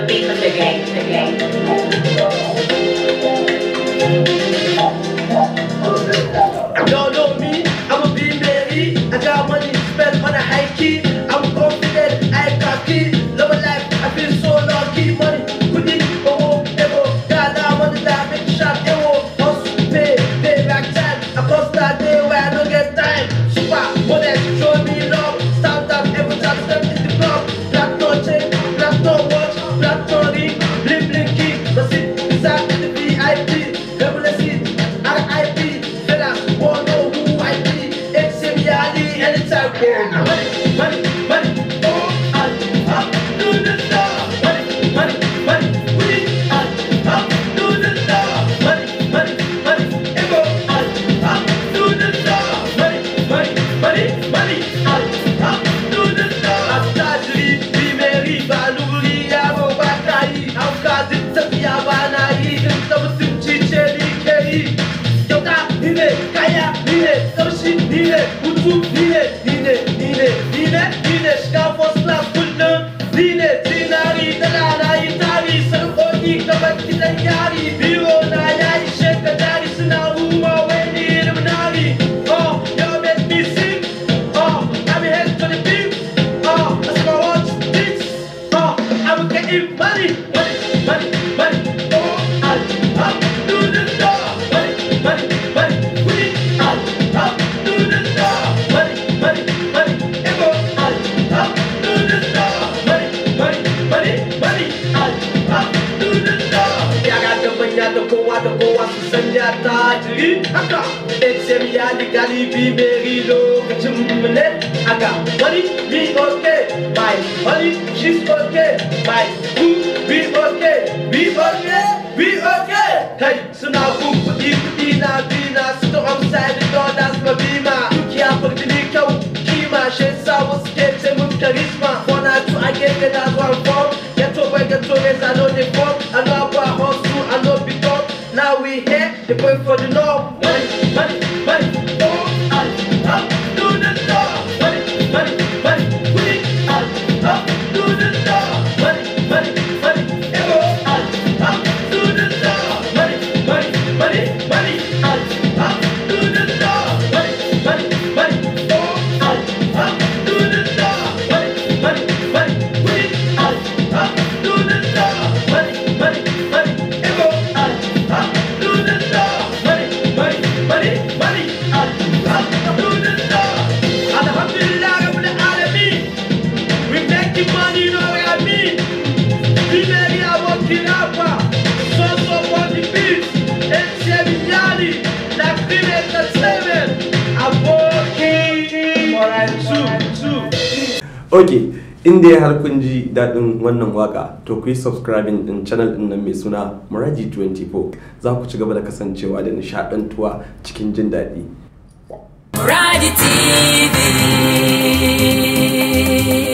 The beat of the game, the game. out there in the rain. Dine, Kaya, Dine, Sushi, Dine, Utsu, Dine, Dine, Dine, Dine, Dine, Skafos, Klas, Kulnum, Dine, Dinari, Dalana, Itali, Sarukhoni, Kabat, Kitanya, Semya Tajiri Aka Et Semya di Berilo Chumnet Aka Money okay My money okay My food be okay Be okay Be okay Sunafu It went for the north ok inda ya har kun ji daɗin wannan waka to ku yi subscribing din channel din nan mai suna muraji 24 za ku ci gaba da kasancewa da nishaɗantuwa cikin jin daɗi muraji tv